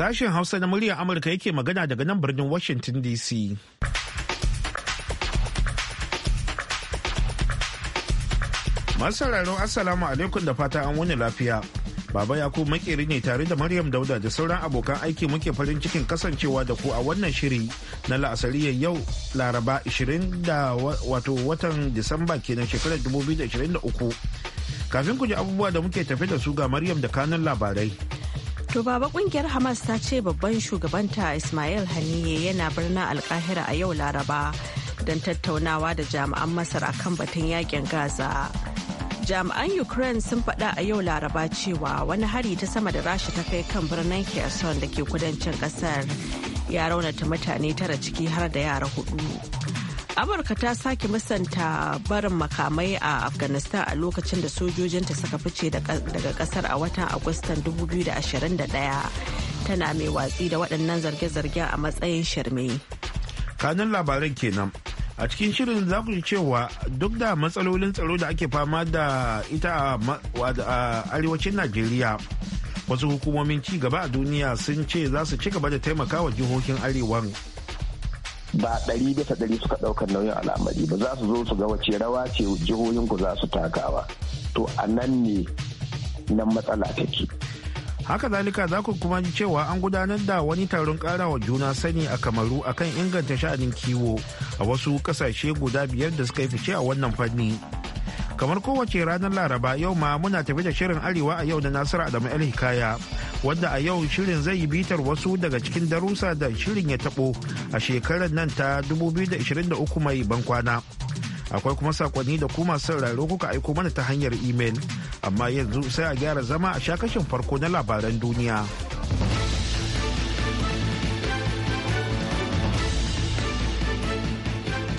Sashen Hausa na muryar Amurka yake magana daga nan birnin Washington DC. Masararo Assalamu alaikum da fata an wani lafiya. Baba Yakubu makeri ne tare da Maryam Dauda da sauran abokan aiki muke farin cikin kasancewa da ku a wannan shiri na la'asariyar yau Laraba 20 da wato watan Disamba kenan shekarar 2023. Kafin ku ji abubuwa da muke tafe da su ga Maryam da kanun labarai. To baba kungiyar Hamas ta ce babban shugabanta Ismail Haniye yana birnin Alkahira a yau Laraba don tattaunawa da jami'an Masar akan batun yakin Gaza. Jami'an Ukraine sun faɗa a yau Laraba cewa wani hari ta sama da rashi ta kai kan birnin Kherson da ke kudancin ƙasar ya raunata mutane tara ciki har da yara hudu. amurka ta sake musanta barin makamai a afghanistan a lokacin da sojojinta suka fice daga kasar a watan agustan 2021 tana mai watsi da waɗannan zarge-zargen a matsayin shirme kanun labaran kenan a cikin shirin za ku ji cewa duk da matsalolin tsaro da ake fama da ita a arewacin najeriya wasu hukumomin ci gaba a duniya sun ce za su ci gaba da taimaka wa jihohin arewa. ba ɗari bisa ɗari suka ɗaukar nauyin al'amari ba za su zo su ga wace rawa ce jihohin ku za su takawa to a nan ne nan matsala take haka zalika za ku kuma ji cewa an gudanar da wani taron karawa juna sani a kamaru akan inganta sha'anin kiwo a wasu kasashe guda biyar da suka yi fice a wannan fanni kamar kowace ranar laraba yau ma muna tafi da shirin arewa a yau da nasiru adamu el hikaya wadda a yau shirin zai yi bitar wasu daga cikin darusa da shirin ya tabo a shekarar nan ta 2023 mai bankwana. Akwai kuma sakonni da kuma sauraro kuka aiko mana ta hanyar imel, amma yanzu sai a gyara zama a shakashin farko na labaran duniya.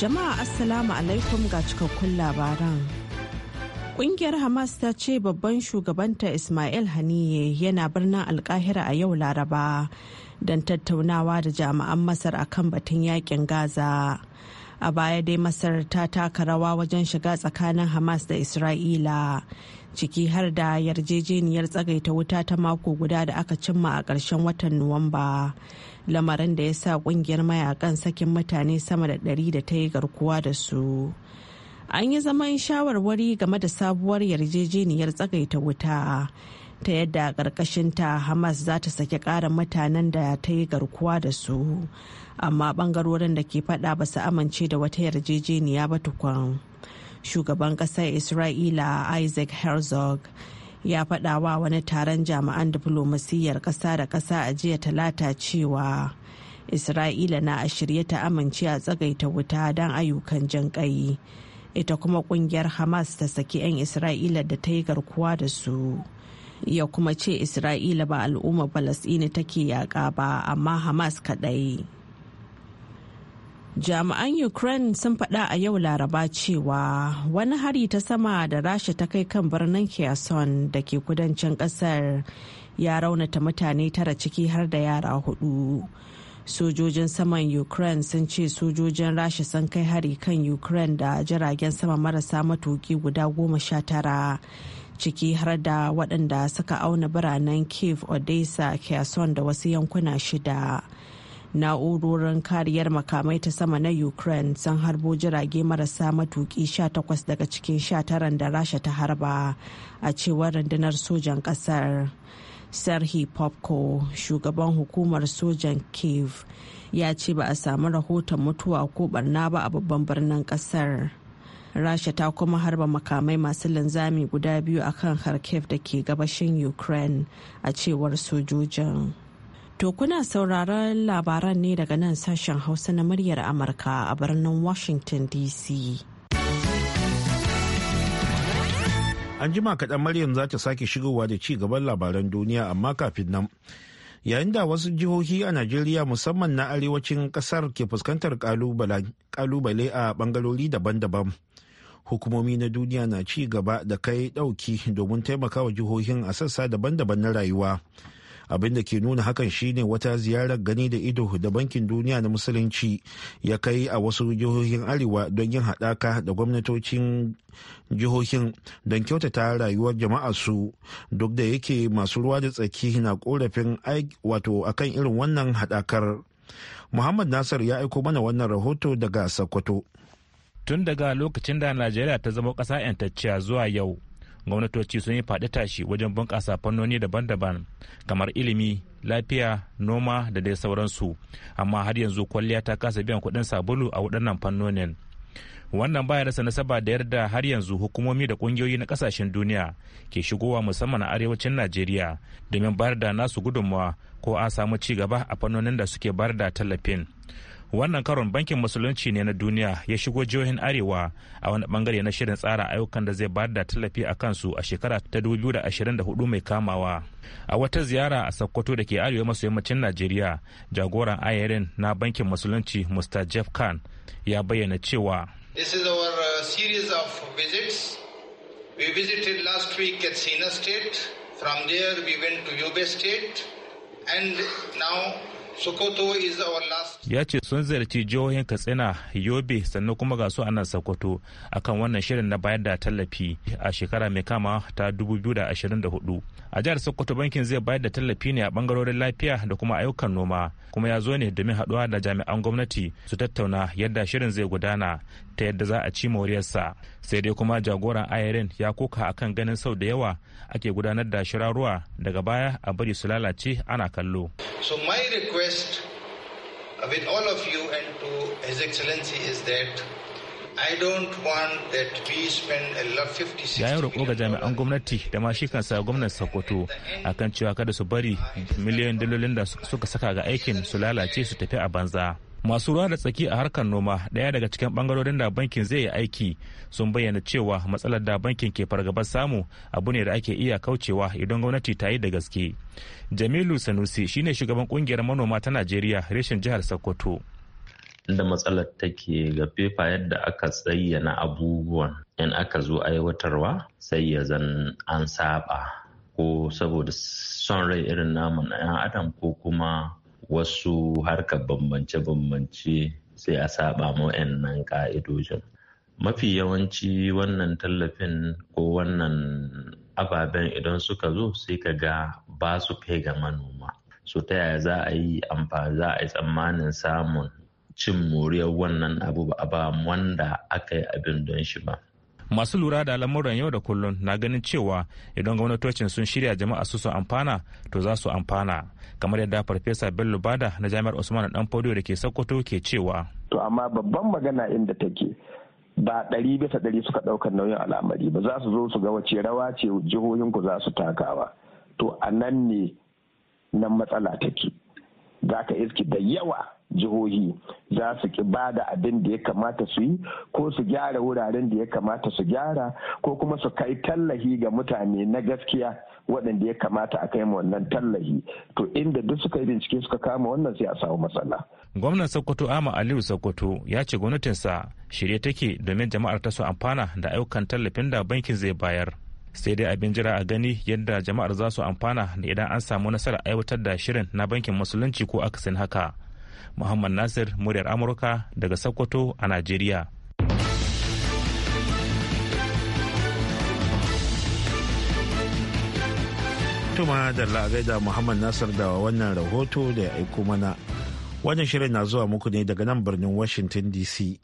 Jama'a Assalamu alaikum ga cikakkun labaran. Ƙungiyar Hamas ta ce babban shugabanta Ismail Haniye yana birnin alkahira a yau Laraba don tattaunawa da jami'an Masar a kan batun yakin Gaza. A baya dai Masar ta taka rawa wajen shiga tsakanin Hamas da Isra'ila, ciki har da yarjejeniyar tsagaita wuta ta mako guda da aka cimma a ƙarshen watan Nuwamba. Lamarin da ya sa ƙungiyar mayakan sakin mutane sama da ɗari da ta yi garkuwa da su. an yi zaman shawarwari game da sabuwar yarjejeniyar tsagaita wuta ta yadda ta hamas za ta saki ƙarin mutanen da ta yi garkuwa da su amma ɓangarorin da ke faɗa ba su amince da wata yarjejeniya ba tukun shugaban ƙasar isra'ila isaac herzog ya faɗa wa wani taron jami'an diflomasiyyar ƙasa da ƙasa a jiya talata cewa isra'ila na a shirye ta amince a tsagaita wuta don ayyukan jinƙai ita kuma kungiyar hamas ta saki 'yan isra'ila da ta yi garkuwa da su ya kuma ce isra'ila ba al'umma falasɗini take yaƙa ba amma hamas kaɗai jami'an ukraine sun faɗa a yau laraba cewa wani hari ta sama da rasha ta kai kan birnin kherson da ke kudancin ƙasar ya raunata mutane tara ciki har da yara hudu sojojin saman ukraine sun ce sojojin rasha sun kai hari kan ukraine da jiragen sama marasa matuki guda goma sha tara ciki har da waɗanda suka auna biranen kiev odessa kherson da wasu yankuna shida na'urorin kariyar makamai ta sama na ukraine sun harbo jirage marasa matuki 18 daga cikin 19 da rasha ta harba a cewar rundunar sojan ƙasar. Serhi Popko, shugaban hukumar sojan Kiev, ya ce ba a samu rahoton mutuwa ko barna ba a babban birnin kasar. Rasha ta kuma harba makamai masu linzami guda biyu a kan Kharkiv da ke gabashin Ukraine a cewar sojojin. To kuna sauraron labaran ne daga nan sashen Hausa na muryar Amurka a birnin Washington DC. An ma kaɗan Maryam za ta sake shigowa da ci gaban labaran duniya amma kafin nan. Yayin da wasu jihohi a Najeriya musamman na arewacin ƙasar ke fuskantar kalubale a bangarori daban-daban. Hukumomi na duniya na ci gaba da kai ɗauki domin taimakawa jihohin a sassa daban-daban na rayuwa. abin da ke nuna hakan shine wata ziyarar gani da ido da bankin duniya na musulunci ya kai a wasu jihohin arewa don yin haɗaka da gwamnatocin jihohin don kyautata rayuwar jama'a su duk da yake masu ruwa da tsaki na korafin wato akan irin wannan haɗakar muhammad nasar ya aiko mana wannan rahoto daga sokoto tun daga lokacin da najeriya ta zama ƙasa 'yantacciya zuwa yau gwamnatoci sun yi faɗi tashi wajen bunƙasa fannoni daban-daban kamar ilimi lafiya noma da dai sauransu amma har yanzu kwalliya ta kasa biyan kuɗin sabulu a waɗannan fannonin wannan baya rasa nasaba da yarda har yanzu hukumomi da ƙungiyoyi na ƙasashen duniya ke shigowa musamman a arewacin najeriya domin bayar da nasu gudunmawa ko a samu ci gaba a fannonin da suke bayar da tallafin wannan karon bankin musulunci ne na duniya ya shigo jihohin arewa a wani bangare na shirin tsara ayyukan da zai bayar da tallafi a kansu a shekara ta 2024 mai kamawa a wata ziyara a sokoto da ke arewa maso yammacin najeriya jagoran ayarin na bankin musulunci mr jeff khan ya bayyana cewa this is our uh, of visits we visited last week at sina state from there we to yobe and now Ya ce sun ziyarci jihohin Katsina, Yobe sannan kuma ga su nan Sokoto akan wannan shirin na bayar da tallafi a shekara mai kama ta 2024. A jihar Sokoto bankin zai bayar da tallafi ne a bangarorin lafiya da kuma ayyukan noma, kuma ya zo ne domin haɗuwa da jami'an gwamnati su tattauna yadda shirin zai gudana ta yadda za a ci moriyarsa. Sai dai kuma jagoran IRN ya koka akan ganin sau da yawa ake gudanar da shirarruwa daga baya a bari su lalace ana kallo. request with all of you and to His Excellency is that I don't want that we spend a lot 50 Yayin roƙo ga jami'an gwamnati da ma shi kansa gwamnan Sokoto akan cewa kada su bari miliyan dalolin da suka saka ga aikin su lalace su tafi a banza. masu ruwa da tsaki a harkar noma daya daga cikin bangarorin da bankin zai yi aiki sun bayyana cewa matsalar da bankin ke fargabar samu abu ne da ake iya kaucewa idan gwamnati ta yi da gaske jamilu sanusi shine shugaban kungiyar manoma ta najeriya reshen jihar sokoto inda matsalar take ga fefa yadda aka tsayyana abubuwan in aka zo aiwatarwa sai ya zan an saba ko saboda son rai irin namu na 'yan adam ko kuma wasu harkar bambance-bambance sai a saba ma nan ka'idojin mafi yawanci wannan tallafin ko wannan ababen idan suka zo sai ka ga ba su kai ga manoma so ta yaya za a yi amfani za a yi tsammanin samun cin moriyar wannan abu ba wanda aka yi abin don shi ba masu lura da lamuran yau da kullun na ganin cewa idan gwamnatocin sun shirya jama'a su su amfana to za su amfana kamar yadda farfesa bello bada na jami'ar usman dan fodiyo da ke sokoto ke cewa to amma babban magana inda take ba ɗari bisa ɗari suka ɗaukar nauyin al'amari ba za su zo su ga wace rawa ce jihohin ku za su takawa to a nan ne nan matsala take za ka iski da yawa jihohi za su ki ba da abin da ya kamata su yi ko su gyara wuraren da ya kamata su gyara ko kuma su kai tallahi ga mutane na gaskiya waɗanda ya kamata a kai wannan tallahi to inda duk suka yi bincike suka kama wannan sai a samu matsala. gwamnan sokoto ama aliyu sokoto ya ce gwamnatinsa shirye take domin jama'ar ta su amfana da ayyukan tallafin da bankin zai bayar sai dai abin jira a gani yadda jama'ar za su amfana da idan an samu nasarar aiwatar da shirin na bankin musulunci ko akasin haka Muhammad Nasir muryar Amurka daga Sokoto a Najeriya. Tuma da la'agaida Muhammad Nasir da wannan rahoto da ya aiko mana. Wannan shirin na zuwa muku ne daga nan birnin Washington DC.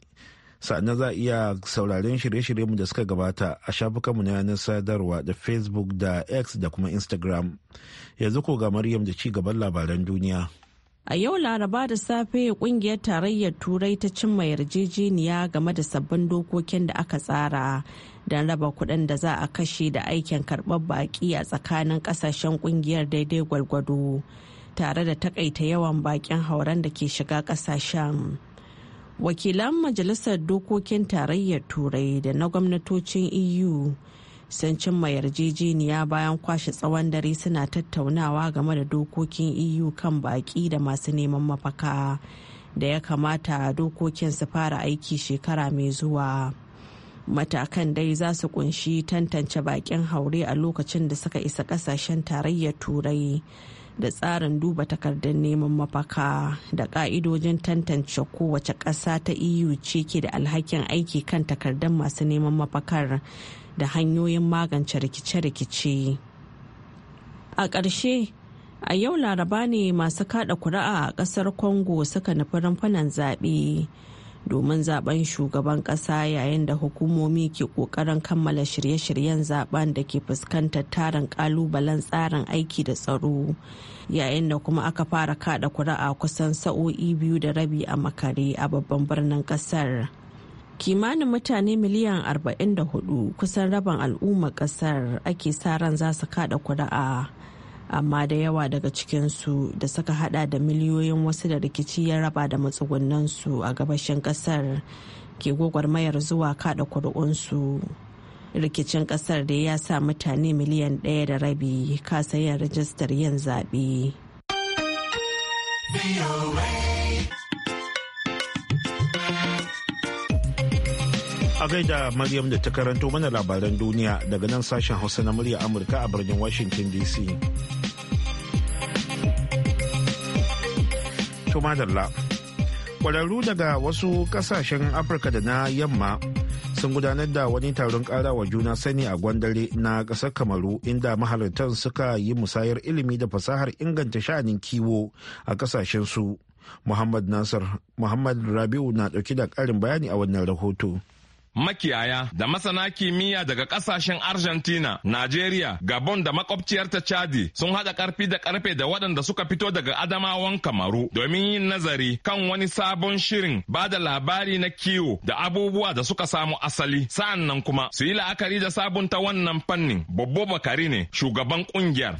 sannan za a iya sauraren shirye-shiryenmu da suka gabata a shafukanmu na yanar sadarwa da facebook da x da kuma instagram yanzu ko ga maryam da ci gaban labaran duniya A yau Laraba da safe kungiyar tarayyar Turai ta cimma yarjejeniya game da sabbin dokokin da aka tsara don raba kuɗin da za a kashe da aikin karɓar baƙi a tsakanin ƙasashen kungiyar daidai gwalgwado tare da takaita yawan baƙin hauren da ke shiga ƙasashen. Wakilan Majalisar Dokokin Tarayyar Turai da na gwamnatocin EU sun cimma yarjejeniya bayan kwashe tsawon dare suna tattaunawa game da dokokin eu kan baƙi da masu neman mafaka da ya kamata dokokin su fara aiki shekara mai zuwa matakan dai za su kunshi tantance baƙin haure a lokacin da suka isa ƙasashen tarayyar turai da tsarin duba takardar neman mafaka da ka'idojin tantance kowace ƙasa ta eu ce ke da alhakin aiki kan takardar masu neman mafakar da hanyoyin magance rikice-rikice. A ƙarshe, a yau laraba ne masu kada kuri'a a ƙasar Congo suka nufi rumfunan zaɓe domin zaben shugaban ƙasa yayin da hukumomi ke ƙoƙarin kammala shirye-shiryen zaben da ke fuskantar tarin ƙalubalen tsarin aiki da tsaro yayin da kuma aka fara kada kuri'a kusan sa'o'i biyu da rabi a makare a babban birnin ƙasar. kimanin mutane miliyan 44 kusan rabin al'ummar kasar ake sa ran za su kada kuri'a amma da yawa daga cikinsu da suka hada da miliyoyin wasu da rikici ya raba da matsugunansu a gabashin kasar ke gwagwarmayar zuwa kada kuri'unsu rikicin kasar da ya sa mutane miliyan ɗaya da rabi kasa yin rajistar yin zaɓe. a gaida Maryam da ta karanto mana labaran duniya daga nan sashen Hausa na murya Amurka a birnin Washington DC. Tumadalla. Kwararru daga wasu kasashen Afirka da na yamma sun gudanar da wani taron ƙara wa juna sani a gwandare na ƙasar kamaru inda mahalartan suka yi musayar ilimi da fasahar inganta sha'anin kiwo a ƙasashensu muhammad nasir muhammad rabiu na ɗauki da ƙarin bayani a wannan rahoto. makiyaya da masana kimiyya daga kasashen Argentina, nigeria Gabon da makwabciyarta Chadi sun haɗa ƙarfi da ƙarfe da waɗanda suka fito daga Adamawan Kamaru domin yin nazari kan wani sabon shirin ba da labari na kiwo da abubuwa da suka samu asali. Sa'an nan kuma su yi la'akari da sabunta wannan fannin. Bobo Bakari ne shugaban ƙungiyar.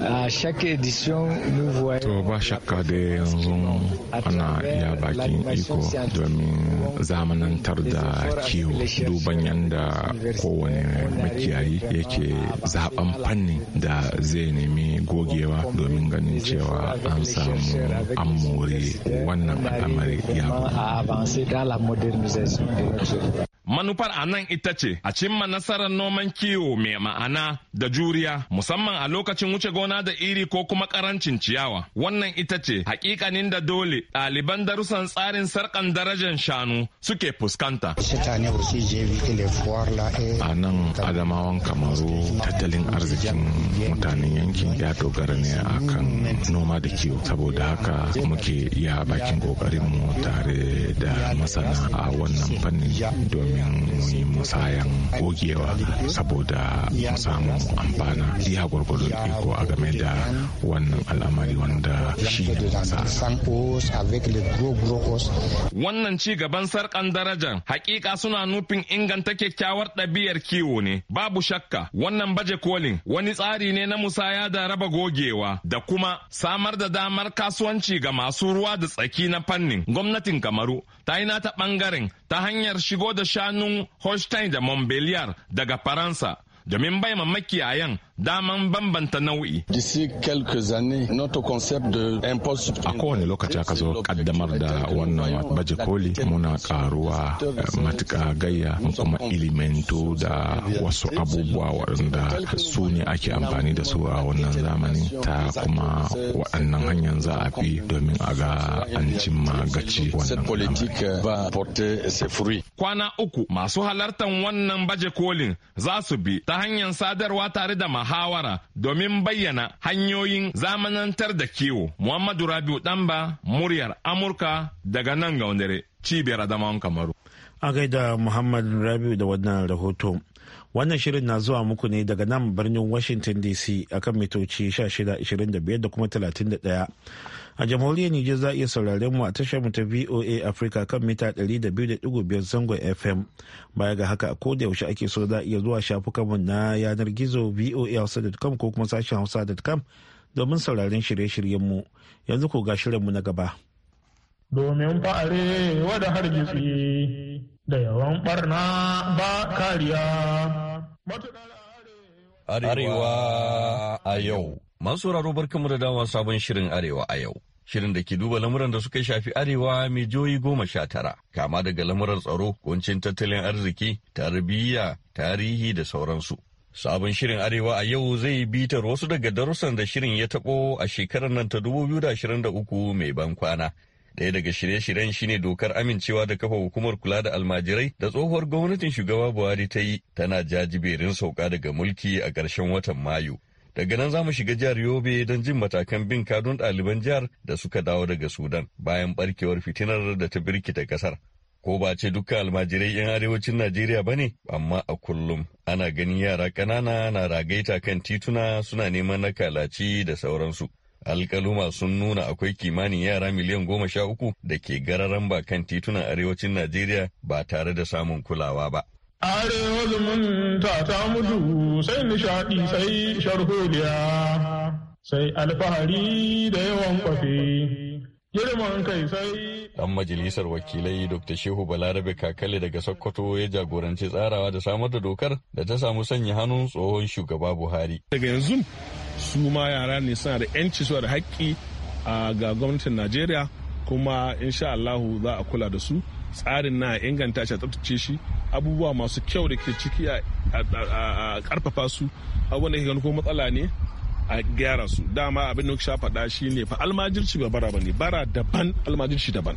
To ba shakka da yanzu ana iya bakin iko domin zamanantar da kiwo duban yadda kowane makiyayi yake zaben fanni da zai nemi gogewa domin ganin cewa an samu an more wannan al'amari ya Manufar a nan ita ce a cimma nasarar noman kiwo mai ma'ana da juriya musamman a lokacin wuce gona da iri ko kuma karancin ciyawa. Wannan ita ce hakikanin da dole ɗaliban darussan tsarin sarkan darajar shanu suke fuskanta. A nan Adamawan Kamaru tattalin arzikin mutanen yankin ya dogara ne a kan noma da kiwo saboda haka muke iya bakin mu tare da masana a wannan fannin domin domin musayan gogewa saboda musamman samu amfana iya gwargwado iko a game da wannan al'amari wanda shi ne wannan ci gaban sarkan darajan hakika suna nufin inganta kyakkyawar ɗabi'ar kiwo ne babu shakka wannan baje kolin wani tsari ne na musaya da raba gogewa da kuma samar da damar kasuwanci ga masu ruwa da tsaki na fannin gwamnatin kamaru ta yi nata ɓangaren ta hanyar shigo da shanun Holstein da Montbeliar daga Faransa domin bai ma makiyayan daman bambanta nau'i. A kowane lokaci aka zo kaddamar da wannan baje koli muna karuwa eh, matuka gayya kuma ilimento da wasu abubuwa waɗanda su ne ake amfani da su a wannan zamani ta kuma waɗannan hanyar za a bi domin a ga an cimma gaci wannan Kwana uku masu halartar wannan baje kolin za su bi ta hanyar sadarwa tare da mahawara domin bayyana hanyoyin zamanantar da kiwo. Muhammadu Rabiu Ɗanba, muryar Amurka daga nan ga cibiyar Adamawan Kamaru. A gaida Muhammadu Rabiu da wannan rahoto. Wannan shirin na zuwa muku ne daga nan birnin Washington DC akan mitoci 1625 da kuma 31. A jamhuriyar Nijar za a iya sauraren mu a tashar mu ta VOA Africa kan mita 200.5 zangon FM. Baya ga haka ko da yaushe ake so za a iya zuwa shafukanmu na yanar gizo voa.com ko kuma sashen hausa.com domin sauraren shirye-shiryen mu. Yanzu ko ga shirin mu na gaba. Domin fa'are da da yawan barna ba kariya. Arewa a yau. Masu sauraro barkanmu da dawa sabon shirin Arewa a yau. Shirin da ke duba lamuran da suka shafi Arewa mai juyi goma sha tara, kama daga lamuran tsaro, kuncin tattalin arziki, tarbiyya, tarihi da sauransu. Sabon shirin Arewa a yau zai bitar wasu daga darussan da shirin ya taɓo a shekarar nan ta 2023 mai ban kwana, daya daga shirye-shiryen shine dokar amincewa da kafa hukumar kula da almajirai da tsohuwar gwamnatin shugaba Buhari ta yi tana jajiberin sauka daga mulki a ƙarshen watan Mayu. Daga nan za mu shiga jihar Yobe don jin matakan bin kadun ɗaliban jihar da suka dawo daga Sudan bayan barkewar fitinar da ta birkita ƙasar. Ko ba ce duka almajirai 'yan arewacin Najeriya ba ne, amma a kullum ana ganin yara ƙanana na ragaita kan tituna suna neman na kalaci da sauransu. alkaluma sun nuna akwai kimanin yara miliyan goma sha uku da ke gararan ba kan titunan arewacin najeriya ba tare da samun kulawa ba arewa zumunta ta mutu sai nishaɗi sai sharholiya sai alfahari da yawan kwafe girman kai sai dan majalisar wakilai dr shehu balarabe kakale daga sokoto ya jagoranci tsarawa da samar da dokar da ta samu sanya hannun tsohon shugaba buhari daga yanzu su ma yara ne suna da 'yanci suna da haƙƙi ga gwamnatin najeriya kuma insha allahu za a kula da su tsarin na inganta shi a tsabtace shi abubuwa masu kyau da ke ciki a karfafa su abubuwan da ke gani ko matsala ne a gyara su dama abin da sha faɗa shi ne fa almajirci ba bara ba ne bara daban almajirci daban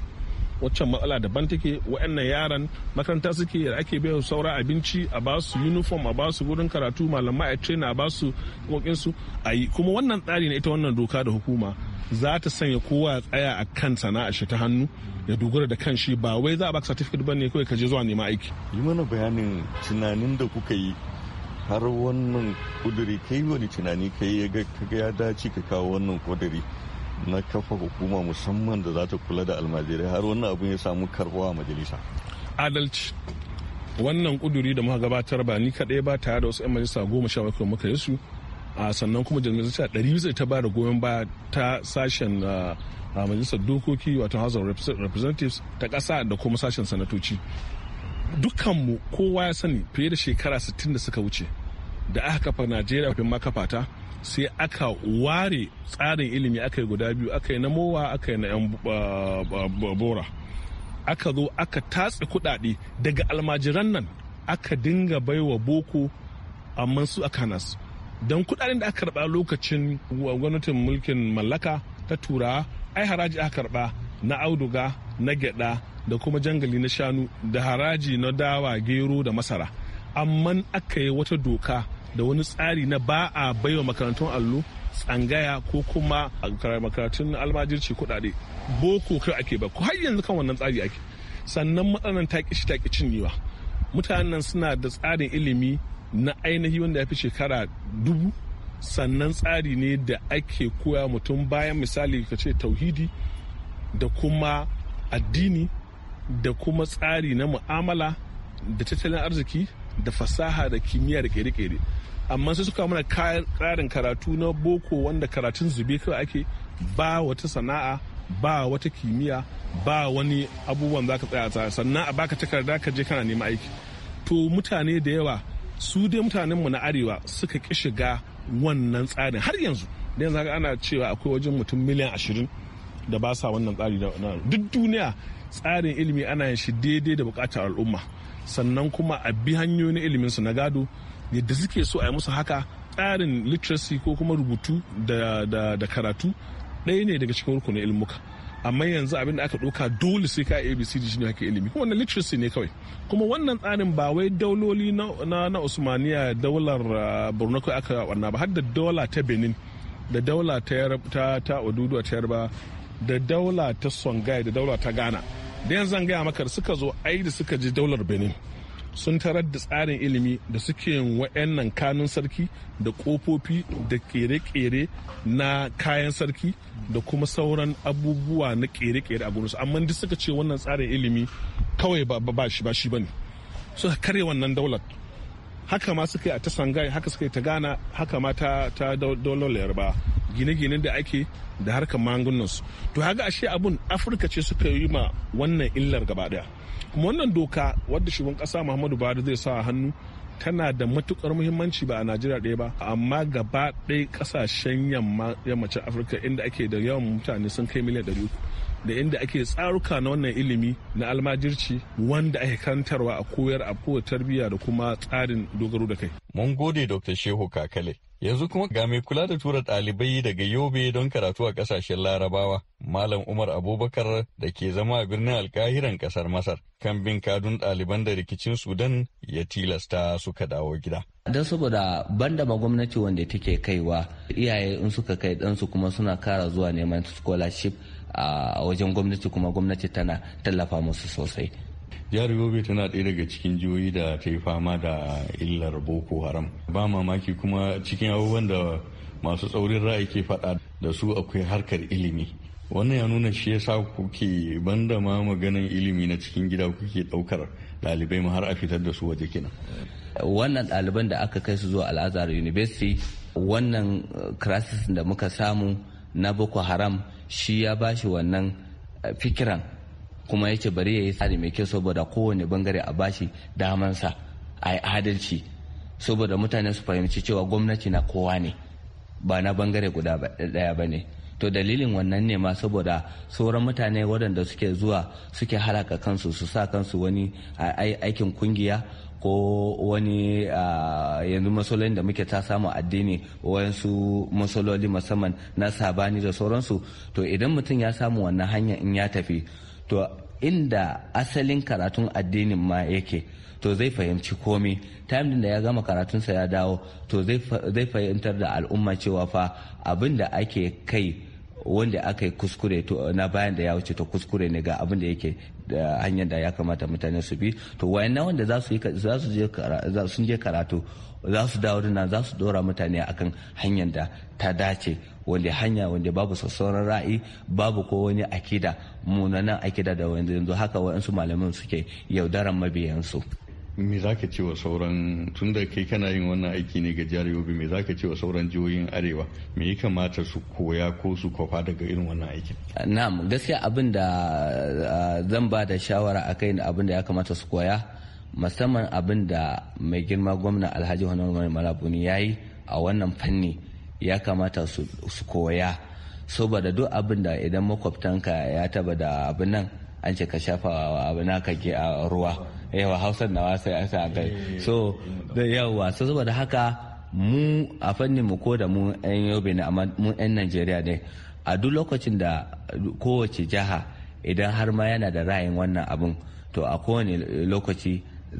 waccan matsala daban take wa'annan yaran makaranta suke da ake biya su saura abinci a ba su uniform a basu su gurin karatu malamai a train a ba su kokin su a kuma wannan tsari na ita wannan doka da hukuma za ta sanya kowa tsaya a kan sana'a shi ta hannu ya dogara da kan shi ba wai za a baka certificate bane ne kawai ka je zuwa nema aiki yi mana bayanin tunanin da kuka yi har wannan kuduri kai wani tunani kai ya ga ya dace ka kawo wannan kuduri na kafa hukuma musamman da za ta kula da almajirai har wannan abin ya samu karbuwa a majalisa adalci wannan kuduri da muka gabatar ba ni kadai ba tare da wasu 'yan majalisa goma sha bakwai muka yi su a sannan kuma majalisa ɗari bisa ta ba da goyon baya ta sashen majalisar dokoki wato house of representatives ta kasa da kuma sashen sanatoci dukkanmu kowa ya sani fiye da shekara 60 da suka wuce da aka kafa najeriya kafin ma kafa ta sai aka ware tsarin ilimi aka yi guda biyu aka yi na mowa aka yi na 'yan bora aka zo aka tatse kudade daga almajiran nan aka dinga baiwa boko amma su aka kanas don kudaden da aka karba lokacin gwamnatin mulkin mallaka ta turawa ai haraji aka karba na auduga na gyada da kuma jangali na shanu da haraji na dawa gero da masara amma aka yi wata doka da wani tsari na ba a baiwa makarantun allo tsangaya ko kuma makarantun almajirci kuɗaɗe boko kai ake ba ko har yanzu kan wannan tsari ake sannan matsalan takici takicin niwa mutanen suna da tsarin ilimi na ainihi wanda ya fi shekara dubu sannan tsari ne da ake koya mutum bayan misali ka ce tauhidi da kuma addini da kuma tsari na mu'amala da tattalin arziki da fasaha da kimiyya da kere-kere amma sai suka mana karin karatu na boko wanda karatun zube kawai ake ba wata sana'a ba wata kimiyya ba wani abubuwan za ka tsaya sannan a baka takarda ka je kana nema aiki to mutane da yawa su dai mutanenmu na arewa suka ki shiga wannan tsarin har yanzu da yanzu ana cewa akwai wajen mutum miliyan ashirin da ba sa wannan tsari duk duniya tsarin ilimi ana yin shi daidai da bukatar al'umma sannan kuma a bi hanyoyin ilimin su na gado yadda suke so a yi musu haka tsarin literacy ko kuma rubutu da karatu ɗaya ne daga cikin rukunin ilmuka amma yanzu abin da aka ɗauka dole sai ka abcd shi ne haka ilimi kuma wannan literacy ne kawai kuma wannan tsarin ba wai dauloli na usmaniya daular ah, borno kai aka wanna ba har da daula ta benin da daula ta ta odudu ta yarba da daula ta songhai da daula ta ghana da yanzu zan gaya maka suka zo ai da suka ji daular benin sun tarar da tsarin ilimi da suke yin wa'annan kanun sarki da kofofi da kere-kere na kayan sarki da kuma sauran abubuwa na kere-kere a gurinsu amma duk suka ce wannan tsarin ilimi kawai ba shi ba shi bane suka karya wannan daular haka ma suka yi a ta sangai haka suka yi ta gana haka ma ta ta ba gine gine da ake da harkar magungunansu to haka ashe abun afirka ce suka yi ma wannan illar gaba daya kuma wannan doka wadda shugaban kasa muhammadu buhari zai sa hannu tana da matukar muhimmanci ba a najeriya ɗaya ba amma gaba ɗaya ƙasashen yammacin afirka inda ake da yawan mutane sun kai miliyan da inda ake tsaruka na wannan ilimi na almajirci wanda ake kantarwa a koyar a kowa tarbiyya da kuma tsarin dogaro da kai. Mun gode Dr. Shehu Kakale. Yanzu kuma ga mai kula da tura ɗalibai daga Yobe don karatu a ƙasashen Larabawa, Malam Umar Abubakar da ke zama a birnin alkahiran ƙasar Masar, kan bin kadun ɗaliban da rikicin Sudan ya tilasta suka dawo gida. Don saboda banda da gwamnati wanda take kaiwa, iyaye in suka kai ɗansu kuma suna kara zuwa neman scholarship a wajen gwamnati kuma gwamnati tana tallafa musu sosai jihar yobe tana ɗaya daga cikin jihohi da ta yi fama da illar boko haram ba mamaki kuma cikin abubuwan da masu tsaurin ra'ayi ke faɗa da su akwai harkar ilimi wannan ya nuna shi yasa kuke banda ma maganan ilimi na cikin gida kuke ɗaukar ɗalibai har a fitar da su waje kenan wannan ɗaliban da aka kai su zuwa al'azhar university wannan eh, crisis da muka samu na boko haram shi ya ba shi wannan eh, fikiran kuma ya ce bari ya yi tsari mai kyau saboda kowane bangare a bashi damansa a yi adalci saboda mutane su fahimci cewa gwamnati na kowa ne ba na bangare guda daya ba ne to dalilin wannan ne ma saboda sauran mutane waɗanda suke zuwa suke halaka kansu su sa kansu wani aikin kungiya ko wani yanzu masololi da muke ta samu addini wayansu masololi musamman na sabani da sauransu to idan mutum ya samu wannan hanya in ya tafi to inda asalin karatun addinin ma yake to zai fahimci komi tayan din da ya gama karatunsa ya dawo to zai fahimtar da al'umma cewa fa abin da ake kai wanda aka yi kuskure na bayan da ya wuce to kuskure ne ga abin da yake da hanyar da ya kamata mutane su bi to na wanda za su je karatu za su dawo dina za su dora mutane akan hanyar da ta dace wanda hanya wanda babu sassauran ra'ayi babu ko wani akida munanan akida da wanda yanzu haka waɗansu malaman suke yaudaran mabiyansu me za ka ce wa sauran tun da kai kana yin wannan aiki ne ga jihar yobe me za ka ce wa sauran jihohin arewa me ya kamata su koya ko su kwafa daga irin wannan aikin na'am gaskiya abin da zan ba da shawara kai abin da ya kamata su koya musamman abin da mai girma gwamna alhaji wani malabuni ya yi a wannan fanni ya kamata su koya saboda duk abin da idan makwabtanka ya taba da abin nan an ce ka shafa abin ka ke a ruwa yawa hausar nawa sai a sa kai so da yawa so saboda haka mu a fannin mu ko da mu yan yobe ne amma mu yan najeriya ne a duk lokacin da kowace jiha idan har ma yana da ra'ayin wannan abun to a kowane lokaci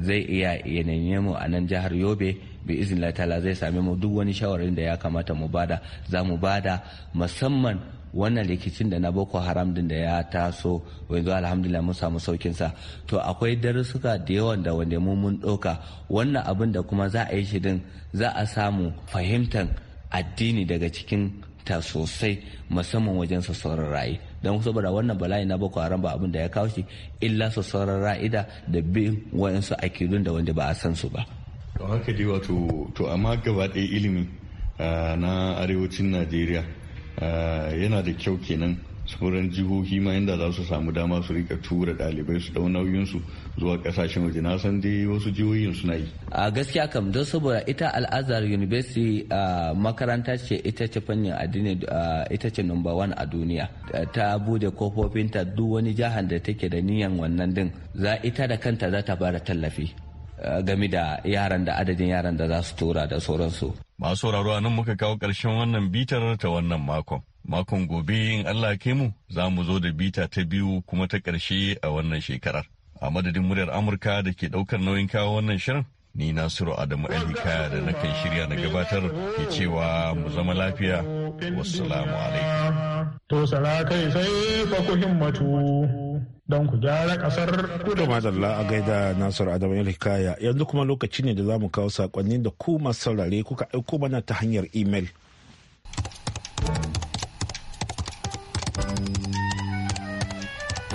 zai iya yanayin mu a nan jihar yobe bi izin latala zai sami mu duk wani shawarin da ya kamata mu bada za mu bada musamman wannan rikicin da na boko haram din da ya taso yanzu alhamdulillah mun samu saukin sa to akwai darussuka da yawan da wanda mu mun doka wannan abin da kuma za a yi shi din za a samu fahimtar addini daga cikin ta sosai musamman wajen sassauran ra'ayi don saboda wannan bala'i na boko haram ba abin da ya kawo shi illa sassauran ra'ida da bin wayansu akidun da wanda ba a san su ba to haka dai wato to amma gaba ɗaya ilimi ah, na arewacin najeriya Eh, yana da kyau kenan sauran jihohi ma inda za su samu dama su rika tura dalibai su dau nauyinsu zuwa kasashen waje na san dai wasu jihohin suna yi a gaskiya kam don saboda ita al'azar university eh, makaranta ce ita ce fannin addini eh, ita ce number one a duniya ta bude kofofinta duk wani jihar da take da niyan wannan din za ita da kanta za ta fara tallafi game da yaran da adadin yaran da za su tura da sauransu Masu sauraro a nan muka kawo ƙarshen wannan bitar ta wannan makon. Makon gobe in Allah ke mu za mu zo da bita ta biyu kuma ta ƙarshe a wannan shekarar. A madadin muryar Amurka da ke ɗaukar nauyin kawo wannan shirin, ni Nasiru Adamu Alhikaya da na kan shirya na gabatar ke cewa mu zama lafiya. Wassalamu alaikum. To sara kai sai fa ku himmatu. don ku gyara kasar kudu. dalla a gaida Nasiru Adamu hikaya yanzu kuma lokaci ne da za mu kawo sakonni da ku masu saurare kuka aiko mana ta hanyar imel.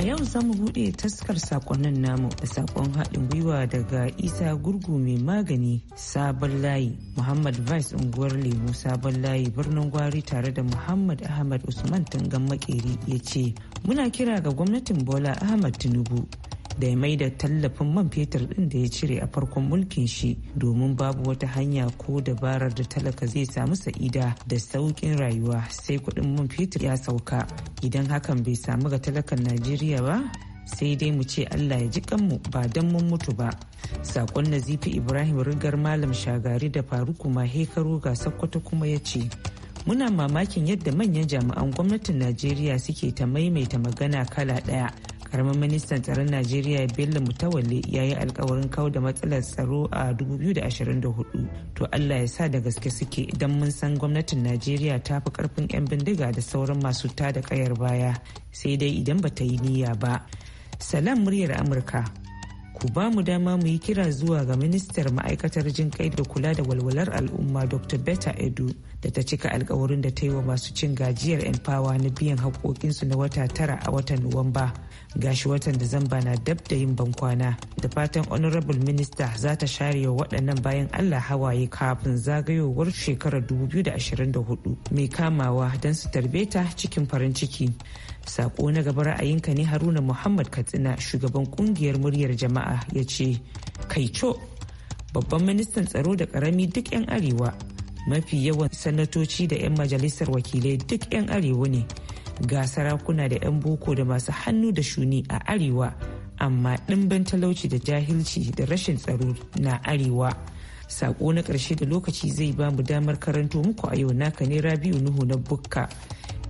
yau za mu buɗe taskar saƙonnin namu da saƙon haɗin gwiwa daga isa gurgu mai magani sabon layi muhammad vice unguwar lemu sabon layi birnin gwari tare da muhammad ahmad usman tangan makeri ya ce muna kira ga gwamnatin bola ahmad tinubu da ya maida tallafin man fetur ɗin da ya cire a farkon mulkin shi domin babu wata hanya ko dabarar da talaka zai samu sa'ida da sauƙin rayuwa sai kuɗin man fetur ya sauka idan hakan bai samu ga talakan najeriya ba sai dai mu ce Allah ya ji kanmu ba don mun mutu ba. Sakon Nazifi Ibrahim Rigar Malam Shagari da Faruku hekaru ga sakkwato kuma ya ce, Muna mamakin yadda manyan jami'an gwamnatin Najeriya suke ta maimaita magana kala ɗaya. karamin ministan tsaron najeriya bello mutawalle ya yi alkawarin kau da matsalar tsaro a 2024 to allah ya sa da gaske suke idan mun san gwamnatin najeriya ta fi karfin 'yan bindiga da sauran masu tada kayar baya sai dai idan ba ta yi niyya ba salam muryar amurka ku ba mu dama mu yi kira zuwa ga ministar ma'aikatar jin kai da kula da walwalar al'umma dr beta edu da ta cika alkawarin da ta yi wa masu cin gajiyar empower na biyan haƙoƙinsu na wata tara a watan nuwamba ga shi watan da zamba na dab da yin bankwana da fatan honorable minister za ta share wa waɗannan bayan allah hawaye kafin zagayowar shekarar 2024 mai kamawa don su tarbe ta cikin farin ciki sako na gaba ra'ayinka ne haruna muhammad katsina shugaban kungiyar muryar jama'a sana'a ya ce kaico babban ministan tsaro da karami duk 'yan arewa mafi yawan sanatoci da 'yan majalisar wakilai duk 'yan arewa ne ga sarakuna da 'yan boko da masu hannu da shuni a arewa amma ɗimbin talauci da jahilci da rashin tsaro na arewa sako na ƙarshe da lokaci zai ba mu damar karanto muku a yau naka ne rabiu nuhu na bukka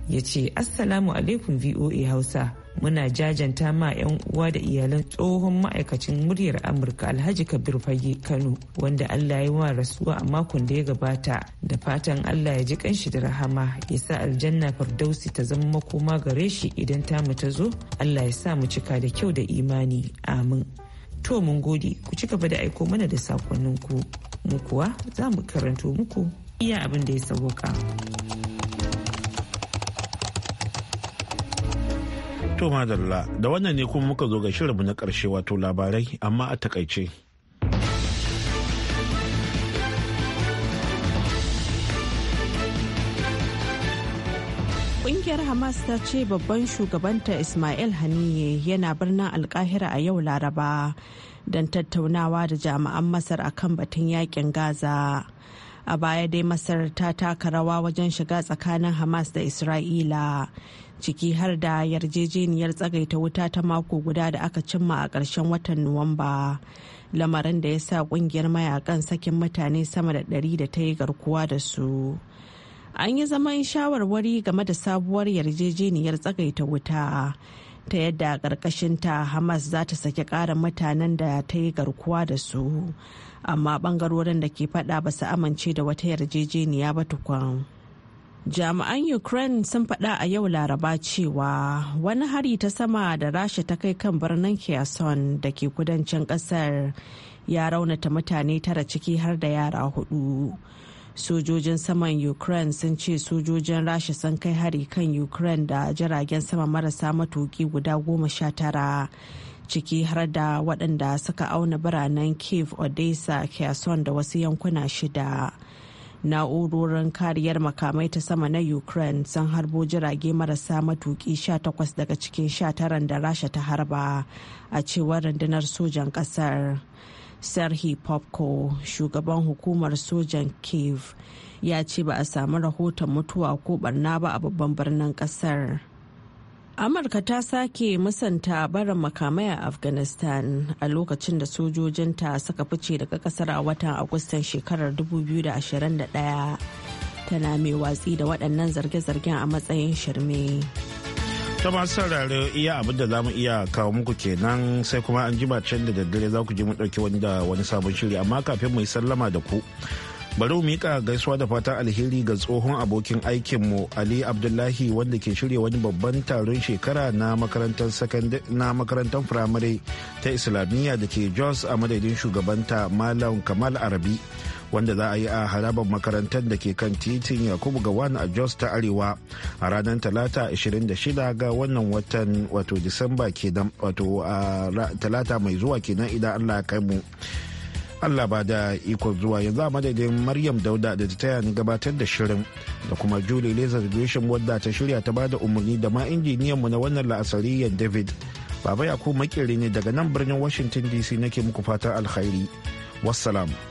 ya ce assalamu alaikum voa hausa muna jajanta ma 'yan uwa da iyalan tsohon ma'aikacin muryar amurka alhaji kabir fage kano wanda allah ya wa rasuwa a makon da ya gabata da fatan allah ya ji kanshi da rahama ya sa aljanna firdausi ta zama makoma gare shi idan ta mu ta zo allah ya sa mu cika da kyau da imani amin to mun gode ku ci gaba da aiko mana da sakonninku mu kuwa za mu karanto muku iya abin da ya sauka. To madalla da wannan ne kuma muka zo ga shirinmu na ƙarshe wato labarai amma a takaice. Ƙungiyar Hamas ta ce babban shugabanta Ismail Haniye yana birnin alkahira a yau Laraba don tattaunawa da jami'an Masar a kan batun yakin Gaza. a baya dai masar ta taka rawa wajen shiga tsakanin hamas da isra'ila ciki har da yarjejeniyar tsagaita wuta ta mako guda da aka cimma a ƙarshen watan nuwamba lamarin da ya sa ƙungiyar mayakan sakin mutane sama da ɗari da ta yi garkuwa da su an yi zaman shawarwari game da sabuwar yarjejeniyar tsagaita wuta ta yadda a ƙarƙashin ta, hamas za ta saki ƙarin mutanen da ta yi garkuwa da su amma ɓangarorin da ke faɗa ba su amince da wata yarjejeniya ba tukun. jami'an ukraine sun faɗa a yau laraba cewa wani hari ta sama da rasha ta kai kan birnin kherson da ke kudancin ƙasar ya raunata mutane tara ciki har da yara hudu sojojin saman ukraine sun ce sojojin rasha sun kai hari kan ukraine da jiragen sama marasa matuki guda goma sha tara ciki har da waɗanda suka auna biranen kiev odessa kherson da wasu yankuna shida na'urorin kariyar makamai ta sama na ukraine sun harbo jirage marasa matuki 18 daga cikin 19 da rasha ta harba a cewar rundunar sojan kasar serhi popko shugaban hukumar sojan kiev ya ce ba a samu rahoton mutuwa ko barna ba a babban birnin kasar amurka ta sake musanta barin makamai a afghanistan a lokacin da sojojinta suka fice daga kasar a watan agustan shekarar 2021 tana mai watsi da waɗannan zarge-zargen a matsayin shirme ta masu sauraro iya abin da za mu iya kawo muku kenan sai kuma an jima can da daddare za ku ji mu ɗauki wani da wani sabon shiri amma kafin mu yi sallama da ku bari mu miƙa gaisuwa da fatan alheri ga tsohon abokin aikinmu ali abdullahi wanda ke shirya wani babban taron shekara na makarantar firamare ta islamiyya da ke jos a madadin shugabanta malam kamal arabi wanda za a yi a harabar makarantar da ke kan titin yakubu ga wani a jos ta arewa a ranar talata 26 ga wannan watan wato disamba kenan wato talata mai zuwa kenan idan allah ya kai mu Allah ba da ikon zuwa yanzu a madadin Maryam Dauda da ta taya ni gabatar da shirin da kuma Julie laser Gresham wadda ta shirya ta bada umarni da ma injiniyan mu na wannan la'asariyan David. Baba Yakubu makere ne daga nan birnin Washington DC nake muku fatan alkhairi. Wassalam.